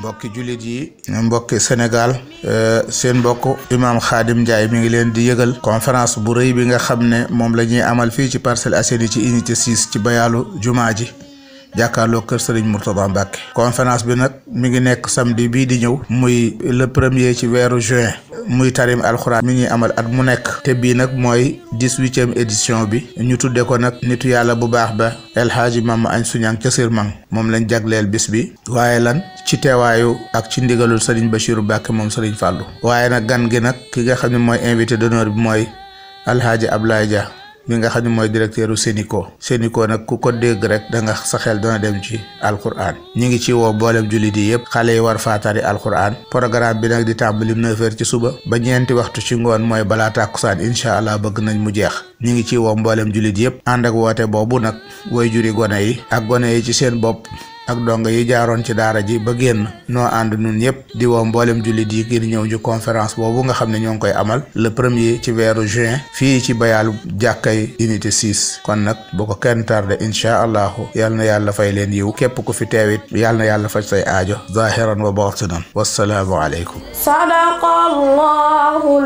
mbokki jullit yi mbokki Sénégal euh, seen mbokk imaam Xaadim Ndiaye mi ngi leen di yëgal conférence bu rëy bi nga xam ne moom la ñuy amal fii ci parcelle Assainies ci unité 6 ci bayaalu jumaa ji jàkkaarloo kër Serigne Mourtada Mbacke conférence bi nag mi ngi nekk samedi bii di ñëw muy le premier ci weeru juin muy tarim alxuraan mi ngi amal at mu nekk te bii nag mooy dix-huitième édition bi ñu tudde ko nag nitu yàlla bu baax ba El Hadji Mame añ suñaan ca man moom lañ jagleel bis bi waaye lan ci teewaayu ak ci ndigalul Serigne Bachirou Bàkke moom Serigne Fàllu waaye nag gan gi nag ki nga xam ne mooy invité d'honneur bi mooy alxaaji Ablaye Dia mi nga xam ne mooy directeuru Sénico Sénico nag ku ko dégg rek da nga sa xel dana dem ci alquran ñi ngi ci woo mboolem jullit yi yëpp xale yi war faatari alquran programme bi nag di tàmbali neuf heures ci suba ba ñeenti waxtu ci ngoon mooy balaa tàkkusaan incha allah bëgg nañ mu jeex ñi ngi ci woo mbooleem jullit yëpp ànd ak woote boobu nag woy juri gone yi ak gone yi ci seen bopp ak donga yi jaaroon ci daara ji ba génn noo ànd nun yëpp di woo mboolem jullit yi ngir ñëw ji conférence boobu nga xam ne ñoo ngi koy amal le premier ci weeru juin fii ci bayaalu jàkkay unité 6 kon nag bu ko kenn tardé inchaa allahu yal na yàlla fay leen yiw képp ku fi teewit yal na yàlla faj say aajo zahiran wa batinan wassalaamu aleykum sadaqa allahu